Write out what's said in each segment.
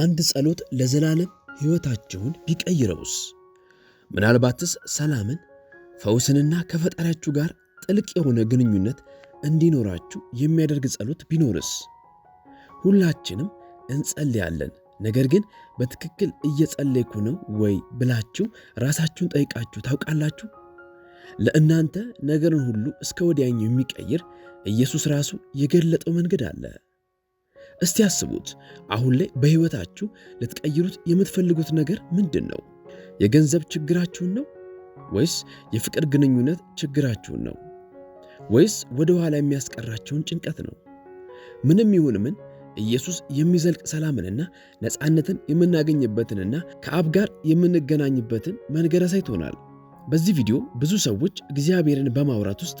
አንድ ጸሎት ለዘላለም ሕይወታችሁን ቢቀይረውስ? ምናልባትስ ሰላምን፣ ፈውስንና ከፈጣሪያችሁ ጋር ጥልቅ የሆነ ግንኙነት እንዲኖራችሁ የሚያደርግ ጸሎት ቢኖርስ? ሁላችንም እንጸልያለን። ነገር ግን በትክክል እየጸለይኩ ነው ወይ ብላችሁ ራሳችሁን ጠይቃችሁ ታውቃላችሁ? ለእናንተ ነገርን ሁሉ እስከ ወዲያኛው የሚቀይር ኢየሱስ ራሱ የገለጠው መንገድ አለ። እስቲ ያስቡት። አሁን ላይ በሕይወታችሁ ልትቀይሩት የምትፈልጉት ነገር ምንድን ነው? የገንዘብ ችግራችሁን ነው ወይስ የፍቅር ግንኙነት ችግራችሁን ነው ወይስ ወደ ኋላ የሚያስቀራችሁን ጭንቀት ነው? ምንም ይሁን ምን ኢየሱስ የሚዘልቅ ሰላምንና ነፃነትን የምናገኝበትንና ከአብ ጋር የምንገናኝበትን መንገድ አሳይቶናል። በዚህ ቪዲዮ ብዙ ሰዎች እግዚአብሔርን በማውራት ውስጥ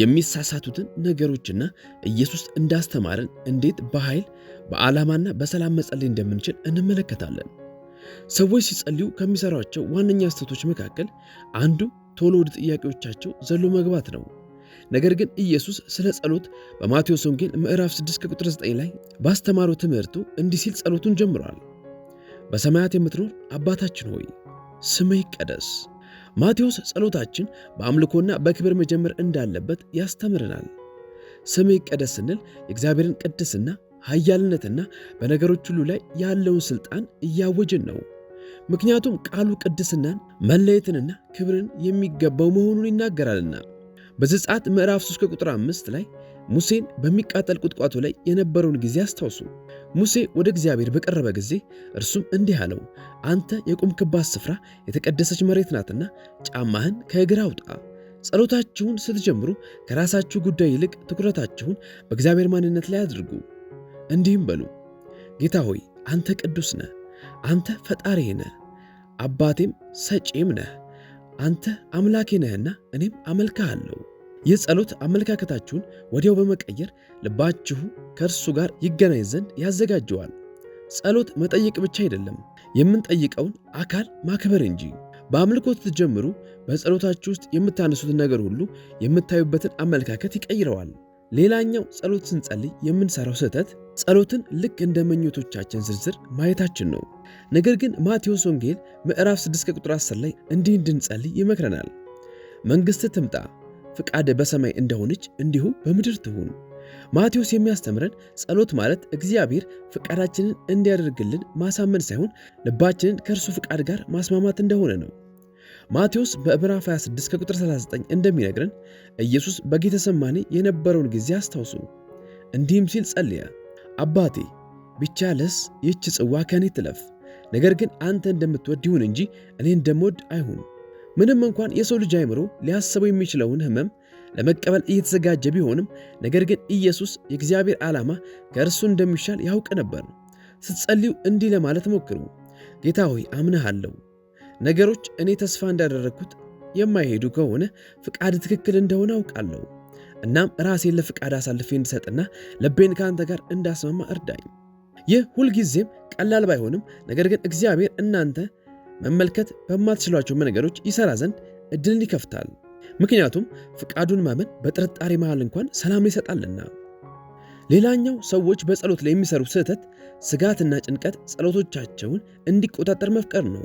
የሚሳሳቱትን ነገሮችና ኢየሱስ እንዳስተማረን እንዴት በኃይል በዓላማና በሰላም መጸለይ እንደምንችል እንመለከታለን። ሰዎች ሲጸልዩ ከሚሰሯቸው ዋነኛ ስህተቶች መካከል አንዱ ቶሎ ወደ ጥያቄዎቻቸው ዘሎ መግባት ነው። ነገር ግን ኢየሱስ ስለ ጸሎት በማቴዎስ ወንጌል ምዕራፍ 6 ቁጥር 9 ላይ ባስተማረው ትምህርቱ እንዲህ ሲል ጸሎቱን ጀምሯል። በሰማያት የምትኖር አባታችን ሆይ ስምህ ይቀደስ ማቴዎስ ጸሎታችን በአምልኮና በክብር መጀመር እንዳለበት ያስተምረናል። ስም ይቀደስ ስንል የእግዚአብሔርን ቅድስና ኃያልነትና በነገሮች ሁሉ ላይ ያለውን ሥልጣን እያወጅን ነው። ምክንያቱም ቃሉ ቅድስናን መለየትንና ክብርን የሚገባው መሆኑን ይናገራልና። በዘጸአት ምዕራፍ 3 ከቁጥር 5 ላይ ሙሴን በሚቃጠል ቁጥቋጦ ላይ የነበረውን ጊዜ አስታውሱ። ሙሴ ወደ እግዚአብሔር በቀረበ ጊዜ እርሱም እንዲህ አለው፣ አንተ የቆምክባት ስፍራ የተቀደሰች መሬት ናትና ጫማህን ከእግር አውጣ። ጸሎታችሁን ስትጀምሩ ከራሳችሁ ጉዳይ ይልቅ ትኩረታችሁን በእግዚአብሔር ማንነት ላይ አድርጉ። እንዲህም በሉ፣ ጌታ ሆይ አንተ ቅዱስ ነህ፣ አንተ ፈጣሪ ነህ፣ አባቴም ሰጪም ነህ፣ አንተ አምላኬ ነህና እኔም አመልክሃለሁ። ይህ ጸሎት አመለካከታችሁን ወዲያው በመቀየር ልባችሁ ከእርሱ ጋር ይገናኝ ዘንድ ያዘጋጀዋል። ጸሎት መጠየቅ ብቻ አይደለም፣ የምንጠይቀውን አካል ማክበር እንጂ። በአምልኮ ስትጀምሩ በጸሎታችሁ ውስጥ የምታነሱትን ነገር ሁሉ የምታዩበትን አመለካከት ይቀይረዋል። ሌላኛው ጸሎት ስንጸልይ የምንሰራው ስህተት ጸሎትን ልክ እንደ ምኞቶቻችን ዝርዝር ማየታችን ነው። ነገር ግን ማቴዎስ ወንጌል ምዕራፍ 6 ቁጥር 10 ላይ እንዲህ እንድንጸልይ ይመክረናል፣ መንግሥት ትምጣ ፍቃድ በሰማይ እንደሆነች እንዲሁ በምድር ትሁን። ማቴዎስ የሚያስተምረን ጸሎት ማለት እግዚአብሔር ፍቃዳችንን እንዲያደርግልን ማሳመን ሳይሆን ልባችንን ከእርሱ ፍቃድ ጋር ማስማማት እንደሆነ ነው። ማቴዎስ በምዕራፍ 26 ከቁጥር 39 እንደሚነግረን ኢየሱስ በጌተሰማኔ የነበረውን ጊዜ አስታውሱ። እንዲህም ሲል ጸልየ፣ አባቴ ቢቻለስ ይህች ጽዋ ከእኔ ትለፍ፣ ነገር ግን አንተ እንደምትወድ ይሁን እንጂ እኔ እንደምወድ አይሁን ምንም እንኳን የሰው ልጅ አይምሮ ሊያስበው የሚችለውን ህመም ለመቀበል እየተዘጋጀ ቢሆንም ነገር ግን ኢየሱስ የእግዚአብሔር ዓላማ ከእርሱ እንደሚሻል ያውቅ ነበር። ስትጸልዩ እንዲህ ለማለት ሞክሩ። ጌታ ሆይ አምንሃለሁ። ነገሮች እኔ ተስፋ እንዳደረግኩት የማይሄዱ ከሆነ ፍቃድ ትክክል እንደሆነ አውቃለሁ። እናም ራሴን ለፍቃድ አሳልፌ እንድሰጥና ልቤን ከአንተ ጋር እንዳስማማ እርዳኝ። ይህ ሁልጊዜም ቀላል ባይሆንም ነገር ግን እግዚአብሔር እናንተ መመልከት በማትችሏቸው መንገዶች ይሰራ ዘንድ እድልን ይከፍታል። ምክንያቱም ፍቃዱን ማመን በጥርጣሬ መሃል እንኳን ሰላምን ይሰጣልና። ሌላኛው ሰዎች በጸሎት ላይ የሚሰሩ ስህተት ስጋትና ጭንቀት ጸሎቶቻቸውን እንዲቆጣጠር መፍቀር ነው።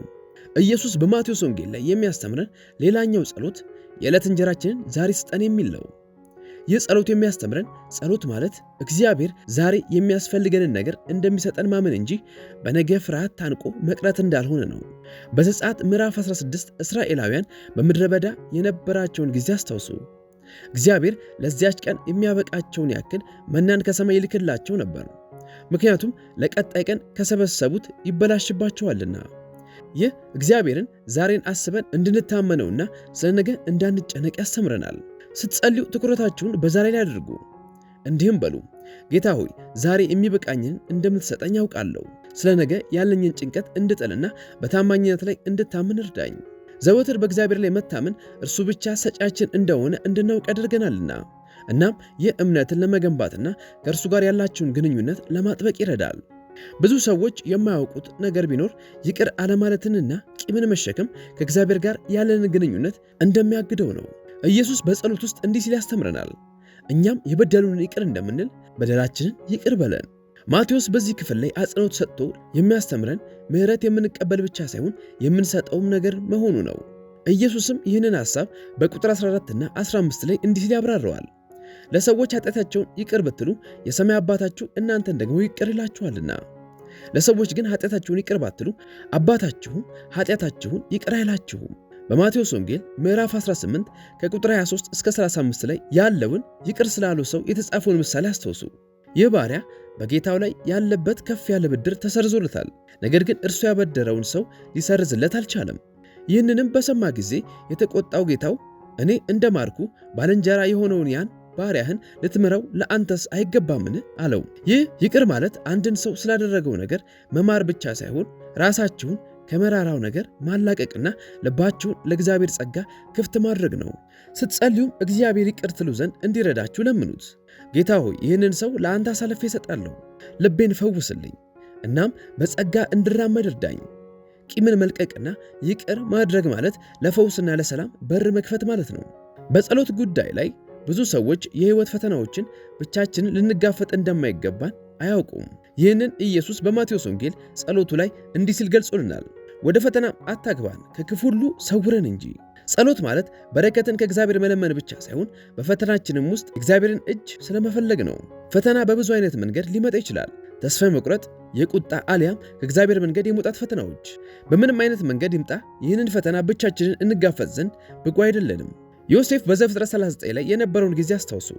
ኢየሱስ በማቴዎስ ወንጌል ላይ የሚያስተምረን ሌላኛው ጸሎት የዕለት እንጀራችንን ዛሬ ስጠን የሚል ነው። ይህ ጸሎት የሚያስተምረን ጸሎት ማለት እግዚአብሔር ዛሬ የሚያስፈልገንን ነገር እንደሚሰጠን ማመን እንጂ በነገ ፍርሃት ታንቆ መቅረት እንዳልሆነ ነው። በዘጸአት ምዕራፍ 16 እስራኤላውያን በምድረ በዳ የነበራቸውን ጊዜ አስታውሱ። እግዚአብሔር ለዚያች ቀን የሚያበቃቸውን ያክል መናን ከሰማይ ይልክላቸው ነበር፣ ምክንያቱም ለቀጣይ ቀን ከሰበሰቡት ይበላሽባቸዋልና። ይህ እግዚአብሔርን ዛሬን አስበን እንድንታመነውና ስለ ነገ እንዳንጨነቅ ያስተምረናል። ስትጸልዩ ትኩረታችሁን በዛ ላይ አድርጉ። እንዲህም በሉ፣ ጌታ ሆይ ዛሬ የሚበቃኝን እንደምትሰጠኝ ያውቃለሁ። ስለ ነገ ያለኝን ጭንቀት እንድጠልና በታማኝነት ላይ እንድታምን እርዳኝ። ዘወትር በእግዚአብሔር ላይ መታመን እርሱ ብቻ ሰጫችን እንደሆነ እንድናውቅ ያደርገናልና። እናም ይህ እምነትን ለመገንባትና ከእርሱ ጋር ያላችሁን ግንኙነት ለማጥበቅ ይረዳል። ብዙ ሰዎች የማያውቁት ነገር ቢኖር ይቅር አለማለትንና ቂምን መሸከም ከእግዚአብሔር ጋር ያለንን ግንኙነት እንደሚያግደው ነው። ኢየሱስ በጸሎት ውስጥ እንዲህ ሲል ያስተምረናል፣ እኛም የበደሉንን ይቅር እንደምንል በደላችንን ይቅር በለን። ማቴዎስ በዚህ ክፍል ላይ አጽንኦት ሰጥቶ የሚያስተምረን ምሕረት የምንቀበል ብቻ ሳይሆን የምንሰጠውም ነገር መሆኑ ነው። ኢየሱስም ይህንን ሐሳብ በቁጥር 14 እና 15 ላይ እንዲህ ሲል ያብራረዋል፣ ለሰዎች ኃጢአታቸውን ይቅር ብትሉ የሰማይ አባታችሁ እናንተን ደግሞ ይቅር ይላችኋልና ለሰዎች ግን ኃጢአታችሁን ይቅር ባትሉ አባታችሁም ኃጢአታችሁን ይቅር አይላችሁም። በማቴዎስ ወንጌል ምዕራፍ 18 ከቁጥር 23 እስከ 35 ላይ ያለውን ይቅር ስላሉ ሰው የተጻፈውን ምሳሌ አስታውሱ። ይህ ባሪያ በጌታው ላይ ያለበት ከፍ ያለ ብድር ተሰርዞለታል። ነገር ግን እርሱ ያበደረውን ሰው ሊሰርዝለት አልቻለም። ይህንንም በሰማ ጊዜ የተቆጣው ጌታው እኔ እንደ ማርኩ ባልንጀራ የሆነውን ያን ባሪያህን ልትምረው ለአንተስ አይገባምን? አለው። ይህ ይቅር ማለት አንድን ሰው ስላደረገው ነገር መማር ብቻ ሳይሆን ራሳችሁን ከመራራው ነገር ማላቀቅና ልባችሁን ለእግዚአብሔር ጸጋ ክፍት ማድረግ ነው። ስትጸልዩም እግዚአብሔር ይቅር ትሉ ዘንድ እንዲረዳችሁ ለምኑት። ጌታ ሆይ ይህንን ሰው ለአንተ አሳልፌ እሰጣለሁ፣ ልቤን ፈውስልኝ፣ እናም በጸጋ እንድራመድ እርዳኝ። ቂምን መልቀቅና ይቅር ማድረግ ማለት ለፈውስና ለሰላም በር መክፈት ማለት ነው። በጸሎት ጉዳይ ላይ ብዙ ሰዎች የሕይወት ፈተናዎችን ብቻችንን ልንጋፈጥ እንደማይገባን አያውቁም። ይህንን ኢየሱስ በማቴዎስ ወንጌል ጸሎቱ ላይ እንዲህ ሲል ገልጾልናል። ወደ ፈተና አታግባን ከክፉ ሁሉ ሰውረን እንጂ። ጸሎት ማለት በረከትን ከእግዚአብሔር መለመን ብቻ ሳይሆን በፈተናችንም ውስጥ እግዚአብሔርን እጅ ስለመፈለግ ነው። ፈተና በብዙ አይነት መንገድ ሊመጣ ይችላል። ተስፋ መቁረጥ፣ የቁጣ አሊያም ከእግዚአብሔር መንገድ የመውጣት ፈተናዎች። በምንም አይነት መንገድ ይምጣ፣ ይህንን ፈተና ብቻችንን እንጋፈጥ ዘንድ ብቁ አይደለንም። ዮሴፍ በዘፍጥረት 39 ላይ የነበረውን ጊዜ አስታውሱ።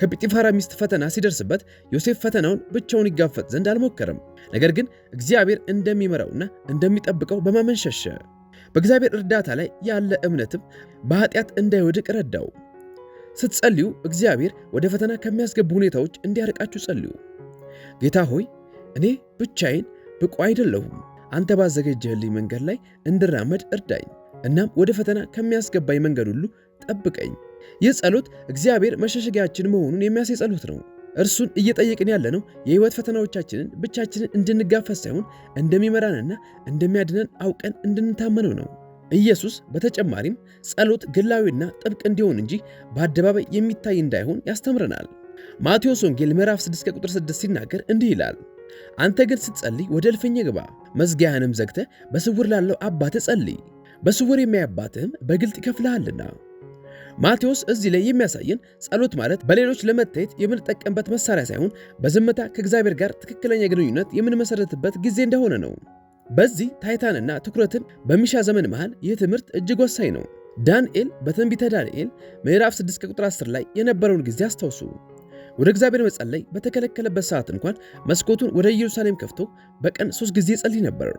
ከጲጢፋራ ሚስት ፈተና ሲደርስበት ዮሴፍ ፈተናውን ብቻውን ይጋፈጥ ዘንድ አልሞከረም። ነገር ግን እግዚአብሔር እንደሚመራውና እንደሚጠብቀው በማመን ሸሸ። በእግዚአብሔር እርዳታ ላይ ያለ እምነትም በኃጢአት እንዳይወድቅ ረዳው። ስትጸልዩ እግዚአብሔር ወደ ፈተና ከሚያስገቡ ሁኔታዎች እንዲያርቃችሁ ጸልዩ። ጌታ ሆይ እኔ ብቻዬን ብቁ አይደለሁም፣ አንተ ባዘጋጀህልኝ መንገድ ላይ እንድራመድ እርዳኝ። እናም ወደ ፈተና ከሚያስገባኝ መንገድ ሁሉ ጠብቀኝ። ይህ ጸሎት እግዚአብሔር መሸሸጊያችን መሆኑን የሚያሳይ ጸሎት ነው። እርሱን እየጠየቅን ያለነው የህይወት ፈተናዎቻችንን ብቻችንን እንድንጋፈስ ሳይሆን እንደሚመራንና እንደሚያድነን አውቀን እንድንታመነው ነው። ኢየሱስ በተጨማሪም ጸሎት ግላዊና ጥብቅ እንዲሆን እንጂ በአደባባይ የሚታይ እንዳይሆን ያስተምረናል። ማቴዎስ ወንጌል ምዕራፍ 6 ቁጥር 6 ሲናገር እንዲህ ይላል፣ አንተ ግን ስትጸልይ ወደ እልፍኝ ግባ፣ መዝጊያህንም ዘግተ በስውር ላለው አባትህ ጸልይ፣ በስውር የሚያይ አባትህም በግልጥ ይከፍልሃልና። ማቴዎስ እዚህ ላይ የሚያሳየን ጸሎት ማለት በሌሎች ለመታየት የምንጠቀምበት መሳሪያ ሳይሆን በዝምታ ከእግዚአብሔር ጋር ትክክለኛ ግንኙነት የምንመሰረትበት ጊዜ እንደሆነ ነው። በዚህ ታይታንና ትኩረትን በሚሻ ዘመን መሃል ይህ ትምህርት እጅግ ወሳኝ ነው። ዳንኤል በትንቢተ ዳንኤል ምዕራፍ 6 ቁጥር 10 ላይ የነበረውን ጊዜ አስታውሱ። ወደ እግዚአብሔር መጸለይ በተከለከለበት ሰዓት እንኳን መስኮቱን ወደ ኢየሩሳሌም ከፍቶ በቀን ሶስት ጊዜ ጸልይ ነበር።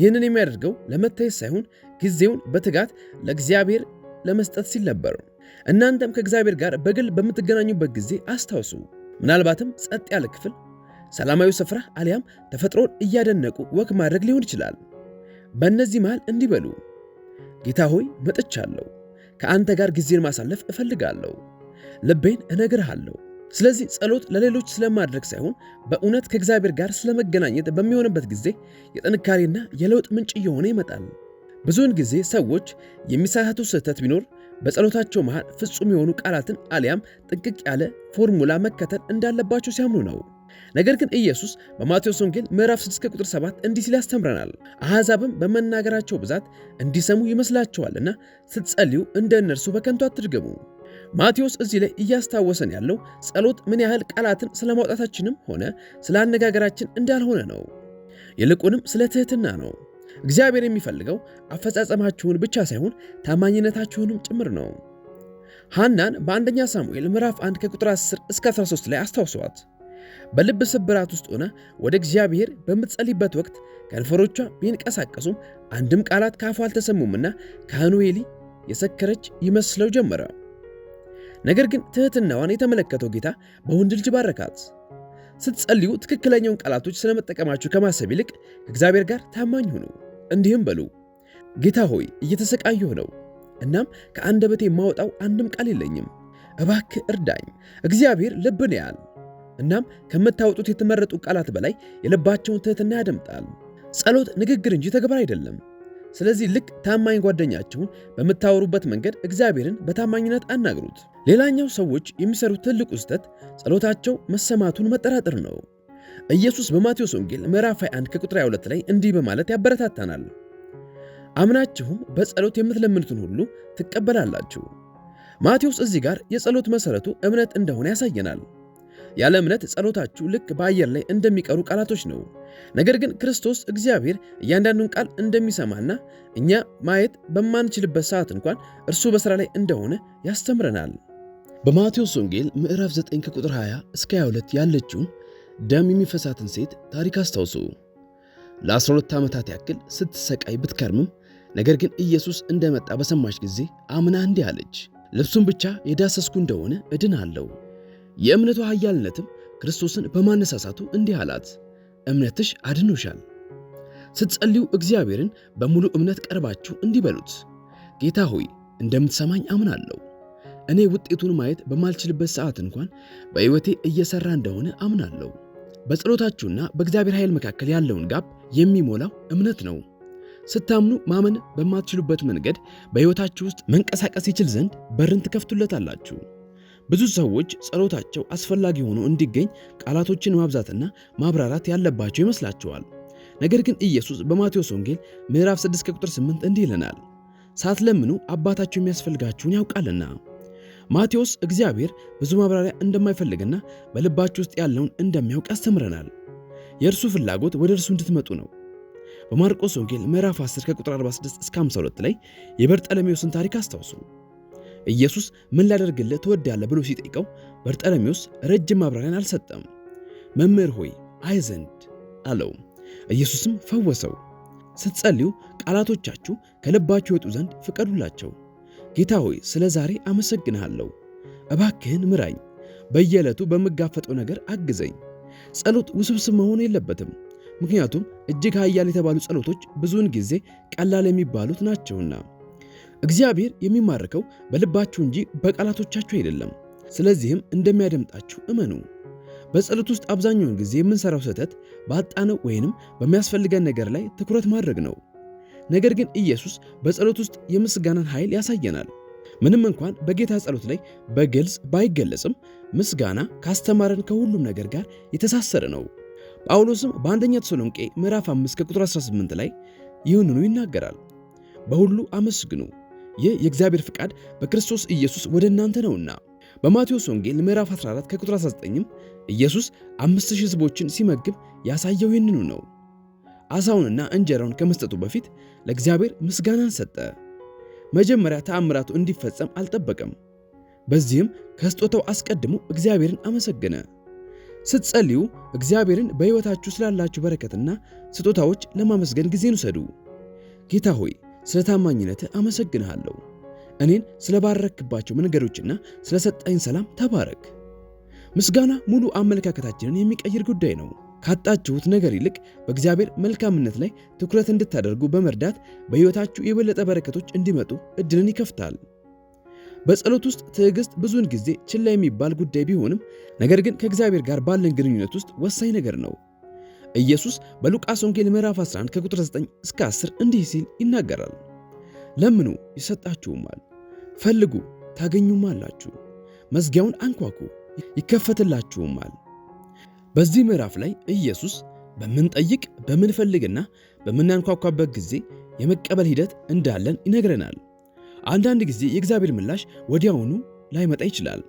ይህንን የሚያደርገው ለመታየት ሳይሆን ጊዜውን በትጋት ለእግዚአብሔር ለመስጠት ሲል ነበር። እናንተም ከእግዚአብሔር ጋር በግል በምትገናኙበት ጊዜ አስታውሱ። ምናልባትም ጸጥ ያለ ክፍል፣ ሰላማዊ ስፍራ አሊያም ተፈጥሮን እያደነቁ ወግ ማድረግ ሊሆን ይችላል። በእነዚህ መሃል እንዲህ በሉ፣ ጌታ ሆይ መጥቻለሁ። ከአንተ ጋር ጊዜን ማሳለፍ እፈልጋለሁ። ልቤን እነግርሃለሁ። ስለዚህ ጸሎት ለሌሎች ስለማድረግ ሳይሆን በእውነት ከእግዚአብሔር ጋር ስለመገናኘት በሚሆንበት ጊዜ የጥንካሬና የለውጥ ምንጭ እየሆነ ይመጣል። ብዙውን ጊዜ ሰዎች የሚሳሳቱ ስህተት ቢኖር በጸሎታቸው መሃል ፍጹም የሆኑ ቃላትን አሊያም ጥንቅቅ ያለ ፎርሙላ መከተል እንዳለባቸው ሲያምኑ ነው። ነገር ግን ኢየሱስ በማቴዎስ ወንጌል ምዕራፍ 6 ቁጥር 7 እንዲህ ሲል ያስተምረናል፣ አሕዛብም በመናገራቸው ብዛት እንዲሰሙ ይመስላቸዋልና ስትጸልዩ እንደ እነርሱ በከንቱ አትድገሙ። ማቴዎስ እዚህ ላይ እያስታወሰን ያለው ጸሎት ምን ያህል ቃላትን ስለ ማውጣታችንም ሆነ ስለ አነጋገራችን እንዳልሆነ ነው። ይልቁንም ስለ ትሕትና ነው። እግዚአብሔር የሚፈልገው አፈጻጸማችሁን ብቻ ሳይሆን ታማኝነታችሁንም ጭምር ነው። ሐናን በአንደኛ ሳሙኤል ምዕራፍ 1 ከቁጥር 10 እስከ 13 ላይ አስታውሰዋት። በልብ ስብራት ውስጥ ሆነ ወደ እግዚአብሔር በምትጸልይበት ወቅት ከንፈሮቿ ቢንቀሳቀሱም አንድም ቃላት ካፏ አልተሰሙምና ካህኑ ኤሊ የሰከረች ይመስለው ጀመረ። ነገር ግን ትሕትናዋን የተመለከተው ጌታ በወንድ ልጅ ባረካት። ስትጸልዩ ትክክለኛውን ቃላቶች ስለመጠቀማችሁ ከማሰብ ይልቅ ከእግዚአብሔር ጋር ታማኝ ሁኑ። እንዲህም በሉ፣ ጌታ ሆይ እየተሰቃየሁ ነው፣ እናም ከአንደበቴ የማወጣው አንድም ቃል የለኝም፣ እባክህ እርዳኝ። እግዚአብሔር ልብን ያያል፣ እናም ከምታወጡት የተመረጡ ቃላት በላይ የልባቸውን ትህትና ያደምጣል። ጸሎት ንግግር እንጂ ተግባር አይደለም። ስለዚህ ልክ ታማኝ ጓደኛችሁን በምታወሩበት መንገድ እግዚአብሔርን በታማኝነት አናግሩት። ሌላኛው ሰዎች የሚሰሩት ትልቁ ስህተት ጸሎታቸው መሰማቱን መጠራጠር ነው። ኢየሱስ በማቴዎስ ወንጌል ምዕራፍ 21 ከቁጥር 22 ላይ እንዲህ በማለት ያበረታታናል። አምናችሁም በጸሎት የምትለምኑትን ሁሉ ትቀበላላችሁ። ማቴዎስ እዚህ ጋር የጸሎት መሠረቱ እምነት እንደሆነ ያሳየናል። ያለ እምነት ጸሎታችሁ ልክ በአየር ላይ እንደሚቀሩ ቃላቶች ነው። ነገር ግን ክርስቶስ እግዚአብሔር እያንዳንዱን ቃል እንደሚሰማና እኛ ማየት በማንችልበት ሰዓት እንኳን እርሱ በሥራ ላይ እንደሆነ ያስተምረናል። በማቴዎስ ወንጌል ምዕራፍ 9 ከቁጥር 20 እስከ 22 ያለችውን ደም የሚፈሳትን ሴት ታሪክ አስታውሱ። ለ12 ዓመታት ያክል ስትሰቃይ ብትከርምም ነገር ግን ኢየሱስ እንደመጣ በሰማች ጊዜ አምና እንዲህ አለች፣ ልብሱን ብቻ የዳሰስኩ እንደሆነ እድን አለው የእምነቷ ኃያልነትም ክርስቶስን በማነሳሳቱ እንዲህ አላት፣ እምነትሽ አድኖሻል። ስትጸልዩ እግዚአብሔርን በሙሉ እምነት ቀርባችሁ እንዲህ በሉት፣ ጌታ ሆይ እንደምትሰማኝ አምናለሁ እኔ ውጤቱን ማየት በማልችልበት ሰዓት እንኳን በሕይወቴ እየሰራ እንደሆነ አምናለሁ። በጸሎታችሁና በእግዚአብሔር ኃይል መካከል ያለውን ጋፕ የሚሞላው እምነት ነው። ስታምኑ ማመን በማትችሉበት መንገድ በሕይወታችሁ ውስጥ መንቀሳቀስ ይችል ዘንድ በርን ትከፍቱለታላችሁ። ብዙ ሰዎች ጸሎታቸው አስፈላጊ ሆኖ እንዲገኝ ቃላቶችን ማብዛትና ማብራራት ያለባቸው ይመስላቸዋል። ነገር ግን ኢየሱስ በማቴዎስ ወንጌል ምዕራፍ 6 ቁጥር 8 እንዲህ ይለናል፣ ሳትለምኑ አባታችሁ የሚያስፈልጋችሁን ያውቃልና ማቴዎስ እግዚአብሔር ብዙ ማብራሪያ እንደማይፈልግና በልባችሁ ውስጥ ያለውን እንደሚያውቅ ያስተምረናል። የእርሱ ፍላጎት ወደ እርሱ እንድትመጡ ነው። በማርቆስ ወንጌል ምዕራፍ 10 ከቁጥር 46 እስከ 52 ላይ የበርጠለሜዎስን ታሪክ አስታውሱ። ኢየሱስ ምን ላደርግልህ ትወዳለህ ብሎ ሲጠይቀው በርጠለሜዎስ ረጅም ማብራሪያን አልሰጠም። መምህር ሆይ አይ ዘንድ አለው። ኢየሱስም ፈወሰው። ስትጸልዩ ቃላቶቻችሁ ከልባችሁ ይወጡ ዘንድ ፍቀዱላቸው። ጌታ ሆይ ስለ ዛሬ አመሰግንሃለሁ። እባክህን ምራኝ፣ በየዕለቱ በምጋፈጠው ነገር አግዘኝ። ጸሎት ውስብስብ መሆን የለበትም፣ ምክንያቱም እጅግ ኃያል የተባሉ ጸሎቶች ብዙውን ጊዜ ቀላል የሚባሉት ናቸውና። እግዚአብሔር የሚማርከው በልባችሁ እንጂ በቃላቶቻችሁ አይደለም። ስለዚህም እንደሚያደምጣችሁ እመኑ። በጸሎት ውስጥ አብዛኛውን ጊዜ የምንሰራው ስህተት ባጣነው ወይንም በሚያስፈልገን ነገር ላይ ትኩረት ማድረግ ነው። ነገር ግን ኢየሱስ በጸሎት ውስጥ የምስጋናን ኃይል ያሳየናል። ምንም እንኳን በጌታ ጸሎት ላይ በግልጽ ባይገለጽም ምስጋና ካስተማረን ከሁሉም ነገር ጋር የተሳሰረ ነው። ጳውሎስም በአንደኛ ተሰሎንቄ ምዕራፍ 5 ከቁጥር 18 ላይ ይህንኑ ይናገራል። በሁሉ አመስግኑ፣ ይህ የእግዚአብሔር ፍቃድ በክርስቶስ ኢየሱስ ወደ እናንተ ነውና። በማቴዎስ ወንጌል ምዕራፍ 14 ከቁጥር 19ም ኢየሱስ አምስት ሺህ ሕዝቦችን ሲመግብ ያሳየው ይህንኑ ነው። ዓሣውንና እንጀራውን ከመስጠቱ በፊት ለእግዚአብሔር ምስጋናን ሰጠ። መጀመሪያ ተአምራቱ እንዲፈጸም አልጠበቀም። በዚህም ከስጦታው አስቀድሞ እግዚአብሔርን አመሰገነ። ስትጸልዩ እግዚአብሔርን በሕይወታችሁ ስላላችሁ በረከትና ስጦታዎች ለማመስገን ጊዜን ውሰዱ። ጌታ ሆይ ስለ ታማኝነት አመሰግንሃለሁ። እኔን ስለ ባረክባቸው መንገዶችና ስለ ሰጣኝ ሰላም ተባረክ። ምስጋና ሙሉ አመለካከታችንን የሚቀይር ጉዳይ ነው። ካጣችሁት ነገር ይልቅ በእግዚአብሔር መልካምነት ላይ ትኩረት እንድታደርጉ በመርዳት በሕይወታችሁ የበለጠ በረከቶች እንዲመጡ እድልን ይከፍታል። በጸሎት ውስጥ ትዕግስት ብዙውን ጊዜ ችላ የሚባል ጉዳይ ቢሆንም ነገር ግን ከእግዚአብሔር ጋር ባለን ግንኙነት ውስጥ ወሳኝ ነገር ነው። ኢየሱስ በሉቃስ ወንጌል ምዕራፍ 11 ከቁጥር 9 እስከ 10 እንዲህ ሲል ይናገራል። ለምኑ ይሰጣችሁማል፣ ፈልጉ ታገኙማላችሁ፣ መዝጊያውን አንኳኩ ይከፈትላችሁማል በዚህ ምዕራፍ ላይ ኢየሱስ በምንጠይቅ በምንፈልግና በምናንኳኳበት ጊዜ የመቀበል ሂደት እንዳለን ይነግረናል። አንዳንድ ጊዜ የእግዚአብሔር ምላሽ ወዲያውኑ ላይመጣ ይችላል።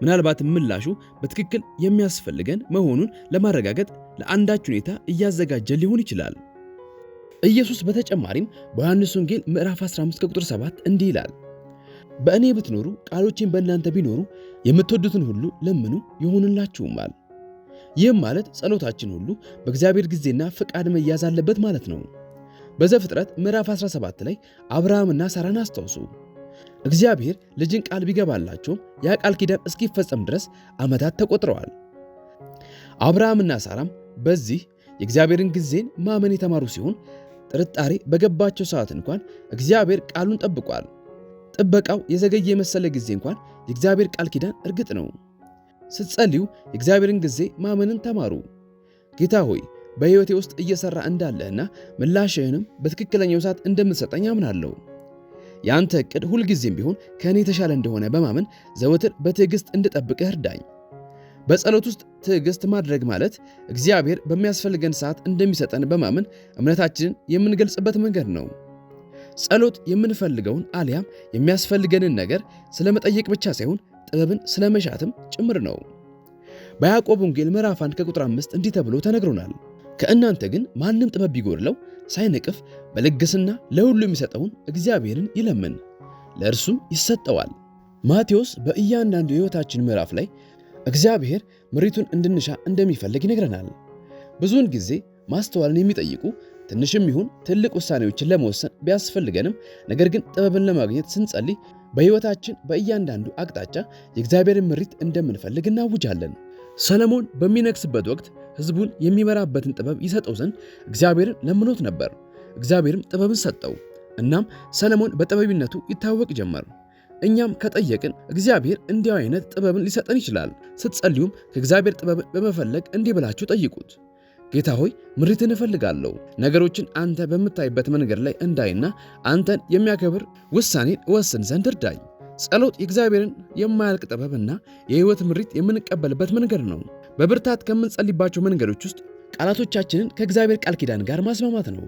ምናልባት ምላሹ በትክክል የሚያስፈልገን መሆኑን ለማረጋገጥ ለአንዳች ሁኔታ እያዘጋጀ ሊሆን ይችላል። ኢየሱስ በተጨማሪም በዮሐንስ ወንጌል ምዕራፍ 15 ቁጥር 7 እንዲህ ይላል፣ በእኔ ብትኖሩ ቃሎቼን በእናንተ ቢኖሩ የምትወዱትን ሁሉ ለምኑ ይሆንላችሁማል። ይህም ማለት ጸሎታችን ሁሉ በእግዚአብሔር ጊዜና ፈቃድ መያዝ አለበት ማለት ነው። በዘፍጥረት ምዕራፍ 17 ላይ አብርሃምና ሳራን አስታውሱ። እግዚአብሔር ልጅን ቃል ቢገባላቸውም ያ ቃል ኪዳን እስኪፈጸም ድረስ ዓመታት ተቆጥረዋል። አብርሃምና ሳራም በዚህ የእግዚአብሔርን ጊዜን ማመን የተማሩ ሲሆን ጥርጣሬ በገባቸው ሰዓት እንኳን እግዚአብሔር ቃሉን ጠብቋል። ጥበቃው የዘገየ የመሰለ ጊዜ እንኳን የእግዚአብሔር ቃል ኪዳን እርግጥ ነው። ስትጸልዩ የእግዚአብሔርን ጊዜ ማመንን ተማሩ። ጌታ ሆይ በሕይወቴ ውስጥ እየሠራ እንዳለህና ምላሽህንም በትክክለኛው ሰዓት እንደምትሰጠኝ አምናለሁ። የአንተ ዕቅድ ሁልጊዜም ቢሆን ከእኔ የተሻለ እንደሆነ በማመን ዘወትር በትዕግሥት እንድጠብቅህ እርዳኝ። በጸሎት ውስጥ ትዕግሥት ማድረግ ማለት እግዚአብሔር በሚያስፈልገን ሰዓት እንደሚሰጠን በማመን እምነታችንን የምንገልጽበት መንገድ ነው። ጸሎት የምንፈልገውን አሊያም የሚያስፈልገንን ነገር ስለመጠየቅ ብቻ ሳይሆን ጥበብን ስለመሻትም ጭምር ነው። በያዕቆብ ወንጌል ምዕራፍ 1 ከቁጥር 5 እንዲህ ተብሎ ተነግሮናል። ከእናንተ ግን ማንም ጥበብ ቢጎድለው ሳይንቅፍ በልግስና ለሁሉ የሚሰጠውን እግዚአብሔርን ይለምን ለእርሱም ይሰጠዋል። ማቴዎስ በእያንዳንዱ የሕይወታችን ምዕራፍ ላይ እግዚአብሔር ምሪቱን እንድንሻ እንደሚፈልግ ይነግረናል። ብዙውን ጊዜ ማስተዋልን የሚጠይቁ ትንሽም ይሁን ትልቅ ውሳኔዎችን ለመወሰን ቢያስፈልገንም ነገር ግን ጥበብን ለማግኘት ስንጸልይ በሕይወታችን በእያንዳንዱ አቅጣጫ የእግዚአብሔርን ምሪት እንደምንፈልግ እናውጃለን። ሰለሞን በሚነግስበት ወቅት ሕዝቡን የሚመራበትን ጥበብ ይሰጠው ዘንድ እግዚአብሔርን ለምኖት ነበር። እግዚአብሔርም ጥበብን ሰጠው። እናም ሰለሞን በጥበቢነቱ ይታወቅ ጀመር። እኛም ከጠየቅን እግዚአብሔር እንዲያው አይነት ጥበብን ሊሰጠን ይችላል። ስትጸልዩም ከእግዚአብሔር ጥበብን በመፈለግ እንዲህ ብላችሁ ጠይቁት። ጌታ ሆይ ምሪትን እፈልጋለሁ። ነገሮችን አንተ በምታይበት መንገድ ላይ እንዳይና አንተን የሚያከብር ውሳኔን እወስን ዘንድ እርዳኝ። ጸሎት የእግዚአብሔርን የማያልቅ ጥበብና የሕይወት ምሪት የምንቀበልበት መንገድ ነው። በብርታት ከምንጸልይባቸው መንገዶች ውስጥ ቃላቶቻችንን ከእግዚአብሔር ቃል ኪዳን ጋር ማስማማት ነው።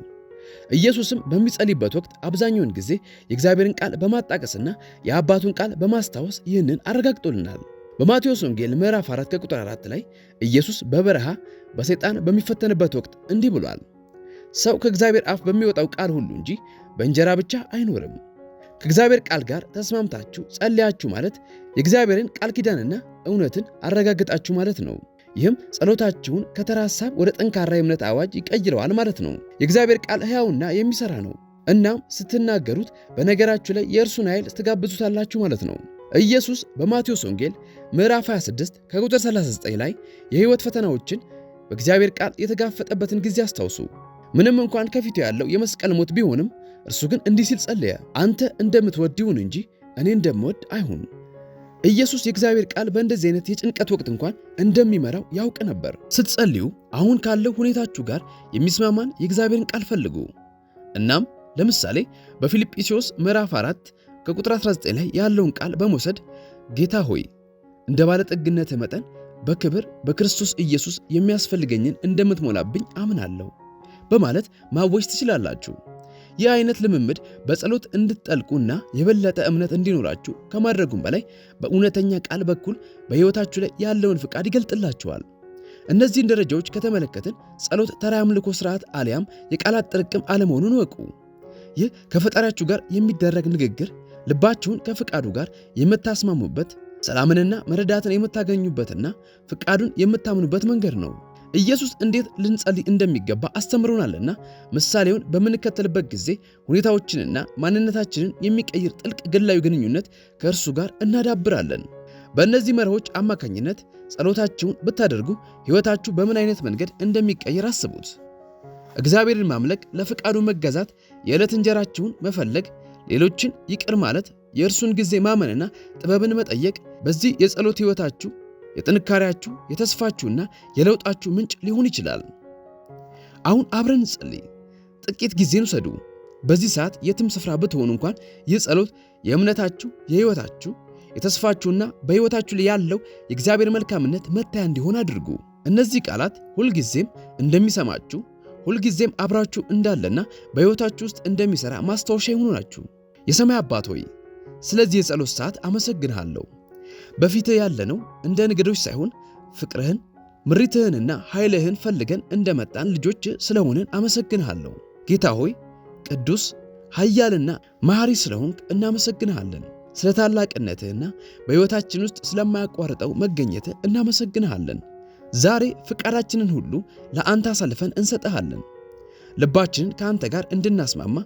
ኢየሱስም በሚጸልይበት ወቅት አብዛኛውን ጊዜ የእግዚአብሔርን ቃል በማጣቀስና የአባቱን ቃል በማስታወስ ይህንን አረጋግጦልናል። በማቴዎስ ወንጌል ምዕራፍ 4 ከቁጥር 4 ላይ ኢየሱስ በበረሃ በሰይጣን በሚፈተንበት ወቅት እንዲህ ብሏል፣ ሰው ከእግዚአብሔር አፍ በሚወጣው ቃል ሁሉ እንጂ በእንጀራ ብቻ አይኖርም። ከእግዚአብሔር ቃል ጋር ተስማምታችሁ ጸልያችሁ ማለት የእግዚአብሔርን ቃል ኪዳንና እውነትን አረጋግጣችሁ ማለት ነው። ይህም ጸሎታችሁን ከተራ ሐሳብ ወደ ጠንካራ የእምነት አዋጅ ይቀይረዋል ማለት ነው። የእግዚአብሔር ቃል ሕያውና የሚሠራ ነው። እናም ስትናገሩት በነገራችሁ ላይ የእርሱን ኃይል ትጋብዙታላችሁ ማለት ነው። ኢየሱስ በማቴዎስ ወንጌል ምዕራፍ 26 ከቁጥር 39 ላይ የሕይወት ፈተናዎችን በእግዚአብሔር ቃል የተጋፈጠበትን ጊዜ አስታውሱ። ምንም እንኳን ከፊቱ ያለው የመስቀል ሞት ቢሆንም እርሱ ግን እንዲህ ሲል ጸለየ፣ አንተ እንደምትወድ ይሁን እንጂ እኔ እንደምወድ አይሁን። ኢየሱስ የእግዚአብሔር ቃል በእንደዚህ አይነት የጭንቀት ወቅት እንኳን እንደሚመራው ያውቅ ነበር። ስትጸልዩ አሁን ካለው ሁኔታችሁ ጋር የሚስማማን የእግዚአብሔርን ቃል ፈልጉ። እናም ለምሳሌ በፊልጵስዩስ ምዕራፍ 4 ከቁጥር 19 ላይ ያለውን ቃል በመውሰድ ጌታ ሆይ እንደ ባለጠግነትህ መጠን በክብር በክርስቶስ ኢየሱስ የሚያስፈልገኝን እንደምትሞላብኝ አምናለሁ በማለት ማወጅ ትችላላችሁ። ይህ አይነት ልምምድ በጸሎት እንድትጠልቁና የበለጠ እምነት እንዲኖራችሁ ከማድረጉም በላይ በእውነተኛ ቃል በኩል በሕይወታችሁ ላይ ያለውን ፍቃድ ይገልጥላችኋል። እነዚህን ደረጃዎች ከተመለከትን ጸሎት ተራ አምልኮ ስርዓት አሊያም የቃላት ጥርቅም አለመሆኑን ወቁ ይህ ከፈጣሪያችሁ ጋር የሚደረግ ንግግር ልባችሁን ከፍቃዱ ጋር የምታስማሙበት ሰላምንና መረዳትን የምታገኙበትና ፍቃዱን የምታምኑበት መንገድ ነው። ኢየሱስ እንዴት ልንጸልይ እንደሚገባ አስተምሮናልና ምሳሌውን በምንከተልበት ጊዜ ሁኔታዎችንና ማንነታችንን የሚቀይር ጥልቅ ግላዊ ግንኙነት ከእርሱ ጋር እናዳብራለን። በእነዚህ መርሆች አማካኝነት ጸሎታችሁን ብታደርጉ ሕይወታችሁ በምን አይነት መንገድ እንደሚቀየር አስቡት። እግዚአብሔርን ማምለክ፣ ለፍቃዱ መገዛት፣ የዕለት እንጀራችሁን መፈለግ ሌሎችን ይቅር ማለት የእርሱን ጊዜ ማመንና ጥበብን መጠየቅ በዚህ የጸሎት ሕይወታችሁ የጥንካሬያችሁ የተስፋችሁና የለውጣችሁ ምንጭ ሊሆን ይችላል። አሁን አብረን ጸልይ። ጥቂት ጊዜን ውሰዱ። በዚህ ሰዓት የትም ስፍራ ብትሆኑ እንኳን ይህ ጸሎት የእምነታችሁ፣ የሕይወታችሁ፣ የተስፋችሁና በሕይወታችሁ ላይ ያለው የእግዚአብሔር መልካምነት መታያ እንዲሆን አድርጉ። እነዚህ ቃላት ሁልጊዜም እንደሚሰማችሁ ሁልጊዜም አብራችሁ እንዳለና በሕይወታችሁ ውስጥ እንደሚሠራ ማስታወሻ ይሆኑ ናችሁ። የሰማይ አባት ሆይ ስለዚህ የጸሎት ሰዓት አመሰግንሃለሁ። በፊትህ ያለነው እንደ እንግዶች ሳይሆን ፍቅርህን፣ ምሪትህንና ኃይልህን ፈልገን እንደመጣን ልጆች ስለሆንን አመሰግንሃለሁ። ጌታ ሆይ ቅዱስ ኃያልና መሐሪ ስለሆንክ እናመሰግንሃለን። ስለ ታላቅነትህና በሕይወታችን ውስጥ ስለማያቋርጠው መገኘትህ እናመሰግንሃለን። ዛሬ ፍቃዳችንን ሁሉ ለአንተ አሳልፈን እንሰጠሃለን። ልባችንን ከአንተ ጋር እንድናስማማ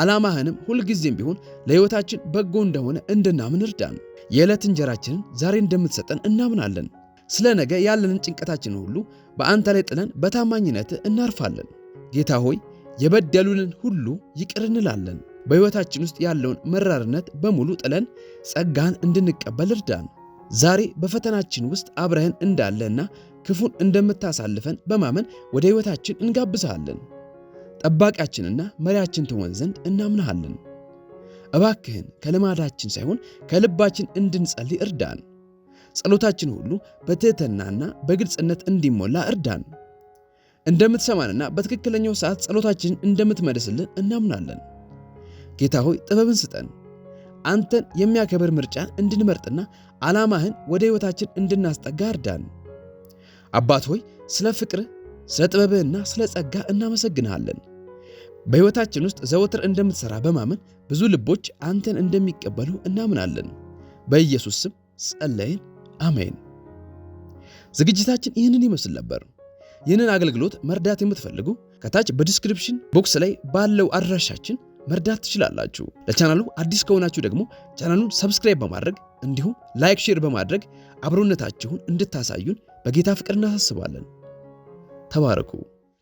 ዓላማህንም ሁልጊዜም ቢሆን ለሕይወታችን በጎ እንደሆነ እንድናምን እርዳን። የዕለት እንጀራችንን ዛሬ እንደምትሰጠን እናምናለን። ስለ ነገ ያለንን ጭንቀታችን ሁሉ በአንተ ላይ ጥለን በታማኝነት እናርፋለን። ጌታ ሆይ የበደሉንን ሁሉ ይቅር እንላለን። በሕይወታችን ውስጥ ያለውን መራርነት በሙሉ ጥለን ጸጋን እንድንቀበል እርዳን። ዛሬ በፈተናችን ውስጥ አብረህን እንዳለና ክፉን እንደምታሳልፈን በማመን ወደ ሕይወታችን እንጋብዝሃለን። ጠባቂያችንና መሪያችን ትሆን ዘንድ እናምናሃለን። እባክህን ከልማዳችን ሳይሆን ከልባችን እንድንጸልይ እርዳን። ጸሎታችን ሁሉ በትሕትናና በግልጽነት እንዲሞላ እርዳን። እንደምትሰማንና በትክክለኛው ሰዓት ጸሎታችንን እንደምትመልስልን እናምናለን። ጌታ ሆይ ጥበብን ስጠን። አንተን የሚያከብር ምርጫ እንድንመርጥና ዓላማህን ወደ ሕይወታችን እንድናስጠጋ እርዳን። አባት ሆይ ስለ ፍቅር፣ ስለ ጥበብህና ስለ ጸጋ እናመሰግንሃለን። በሕይወታችን ውስጥ ዘወትር እንደምትሠራ በማመን ብዙ ልቦች አንተን እንደሚቀበሉ እናምናለን። በኢየሱስ ስም ጸለይን፣ አሜን። ዝግጅታችን ይህንን ይመስል ነበር። ይህንን አገልግሎት መርዳት የምትፈልጉ ከታች በዲስክሪፕሽን ቦክስ ላይ ባለው አድራሻችን መርዳት ትችላላችሁ። ለቻናሉ አዲስ ከሆናችሁ ደግሞ ቻናሉን ሰብስክራይብ በማድረግ እንዲሁም ላይክ፣ ሼር በማድረግ አብሮነታችሁን እንድታሳዩን በጌታ ፍቅር እናሳስባለን። ተባረኩ።